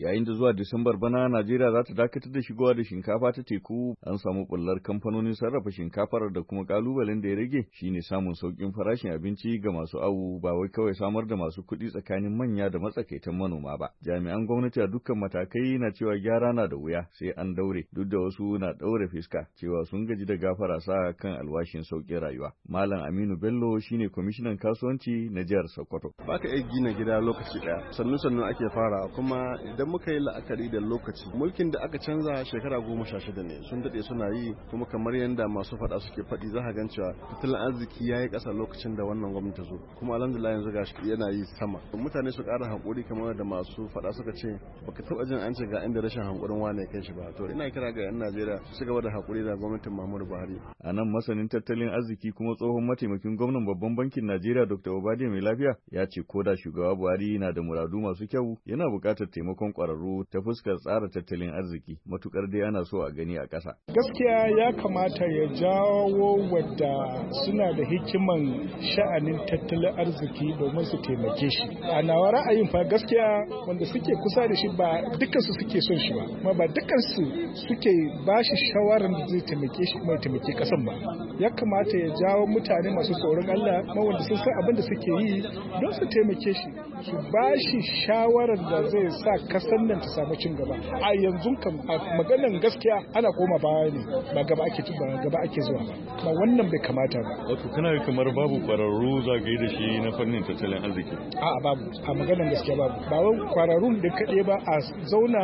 yayin da zuwa Disambar bana Najeriya za ta dakatar da shigowa da shinkafa ta teku an samu bullar kamfanonin sarrafa shinkafar da kuma kalubalen da ya rage shine samun sauƙin farashin abinci ga masu awu ba wai kawai samar da masu kuɗi tsakanin manya da matsakaitan manoma ba. Jami'an gwamnati a dukkan matakai na cewa gyara na da wuya sai an daure duk da wasu na daure fiska cewa sun gaji da gafara sa kan alwashin sauƙin rayuwa. Malam Aminu Bello shine kwamishinan kasuwanci na jihar Sokoto. Ba ka iya gina gida lokaci ɗaya sannu sannu ake fara kuma idan idan muka yi la'akari da lokaci mulkin da aka canza shekara goma sha shida ne sun daɗe suna yi kuma kamar yadda masu faɗa suke faɗi za a gan cewa tattalin arziki ya yi ƙasa lokacin da wannan gwamnati ta zo kuma alhamdulillah yanzu ga yana yi sama mutane su kara haƙuri kamar da masu faɗa suka ce baka taɓa jin an ce ga inda rashin haƙurin wane kai shi ba to ina kira ga 'yan Najeriya su gaba da hakuri da gwamnatin Muhammadu Buhari. A nan masanin tattalin arziki kuma tsohon mataimakin gwamnan babban bankin Najeriya Dr. obadiya Mai Lafiya ya ce ko da shugaba Buhari na da muradu masu kyau yana buƙatar taimakon Kwararru, ta fuskar tsara tattalin arziki matukar dai ana so a gani a ƙasa. Gaskiya ya kamata ya jawo wadda suna da hikiman sha'anin tattalin arziki domin su taimake shi. A nawa ra'ayin fa gaskiya wanda suke kusa da shi ba su suke son shi ba, kuma ba su suke ba shi shawarar da zai taimake shi kuma ya taimake ƙasan ba. Ya kamata ya jawo mutane masu tsoron Allah ma wanda sun san abin da suke yi don su taimake shi su ba shi shawarar da zai sa ƙasa Sannan nan ta samu cin gaba a yanzu kan maganan gaskiya ana koma baya ne ba gaba ake ba gaba ake zuwa ba wannan bai kamata ba wato kana kamar babu kwararru zagaye da shi na fannin tattalin arziki a babu a maganan gaskiya babu ba wai da kaɗai ba a zauna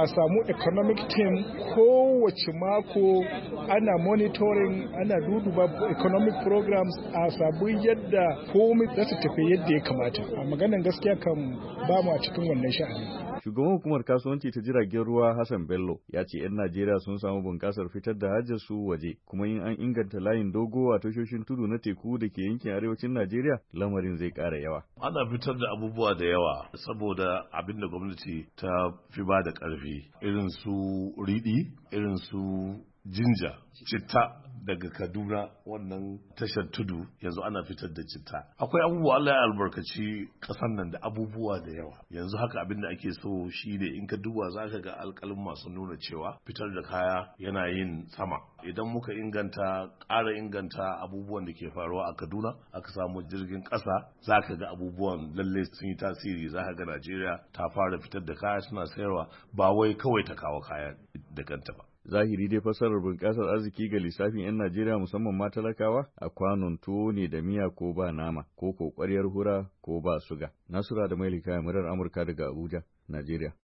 a samu economic team kowace mako ana monitoring ana duduba economic programs a sabu yadda komai za su tafi yadda ya kamata a maganan gaskiya kan ba mu a cikin wannan sha'ani Shugaban hukumar kasuwanci ta jiragen ruwa Hassan Bello ya ce 'yan Najeriya sun samu bunƙasar fitar da hajjar su waje kuma in an inganta layin dogo a tashoshin tudu na teku da ke yankin arewacin Najeriya lamarin zai ƙara yawa. Ana fitar da abubuwa da yawa saboda abin da gwamnati ta fi ba da ƙarfi irin su riɗi irin su jinja citta daga Kaduna wannan tashar tudu yanzu ana fitar da citta. Akwai abubuwa Allah ya albarkaci ƙasar nan da abubuwa da yawa. Yanzu haka abin da ake so shi ne in ka duba za ka ga alƙalin masu nuna cewa fitar da kaya yana yin sama. Idan muka inganta ƙara inganta abubuwan da ke faruwa a Kaduna aka samu jirgin ƙasa za ka ga abubuwan lalle sun yi tasiri za ka ga Najeriya ta fara fitar da kaya suna sayarwa ba wai kawai ta kawo kaya da kanta ba. zahiri dai fasarar bunƙasar arziki ga lissafin 'yan Najeriya musamman ma talakawa a kwanon tuwo ne da miya ko ba nama ko ko hura ko ba suga. Nasura da likaya Murar Amurka daga Abuja, Najeriya.